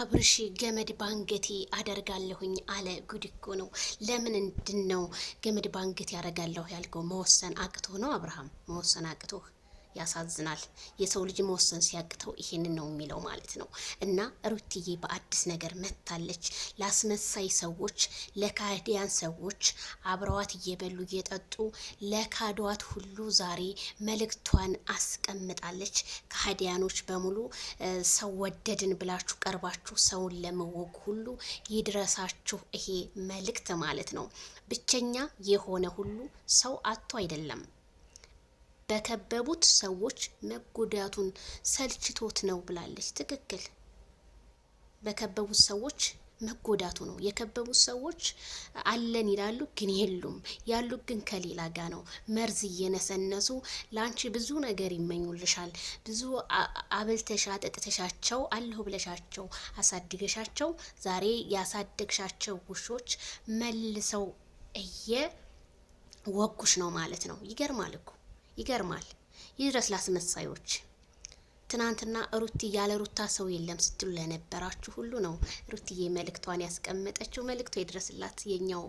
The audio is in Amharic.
አብርሽ ገመድ ባንገቴ አደርጋለሁኝ አለ። ጉድ እኮ ነው። ለምን እንድን ነው ገመድ ባንገቴ ያደርጋለሁ ያልከው? መወሰን አቅቶ ነው አብርሃም፣ መወሰን አቅቶ ያሳዝናል። የሰው ልጅ መወሰን ሲያቅተው ይሄንን ነው የሚለው ማለት ነው። እና ሩትዬ በአዲስ ነገር መታለች። ላስመሳይ ሰዎች፣ ለካህዲያን ሰዎች አብረዋት እየበሉ እየጠጡ ለካዷት ሁሉ ዛሬ መልእክቷን አስቀምጣለች። ካህዲያኖች በሙሉ ሰው ወደድን ብላችሁ ቀርባችሁ ሰውን ለመወግ ሁሉ ይድረሳችሁ ይሄ መልእክት ማለት ነው። ብቸኛ የሆነ ሁሉ ሰው አጥቶ አይደለም በከበቡት ሰዎች መጎዳቱን ሰልችቶት ነው ብላለች። ትክክል። በከበቡት ሰዎች መጎዳቱ ነው። የከበቡት ሰዎች አለን ይላሉ፣ ግን የሉም። ያሉ ግን ከሌላ ጋ ነው። መርዝ እየነሰነሱ ለአንቺ ብዙ ነገር ይመኙልሻል። ብዙ አብልተሻ ጠጥተሻቸው አለሁ ብለሻቸው አሳድገሻቸው፣ ዛሬ ያሳደግሻቸው ውሾች መልሰው እየ ወጉሽ ነው ማለት ነው። ይገርማል እኮ ይገርማል። ይድረስ ላስመሳዮች። ትናንትና ሩቲ ያለ ሩታ ሰው የለም ስትሉ ለነበራችሁ ሁሉ ነው ሩትዬ መልእክቷን ያስቀመጠችው። መልእክቷ ይድረስላት የኛው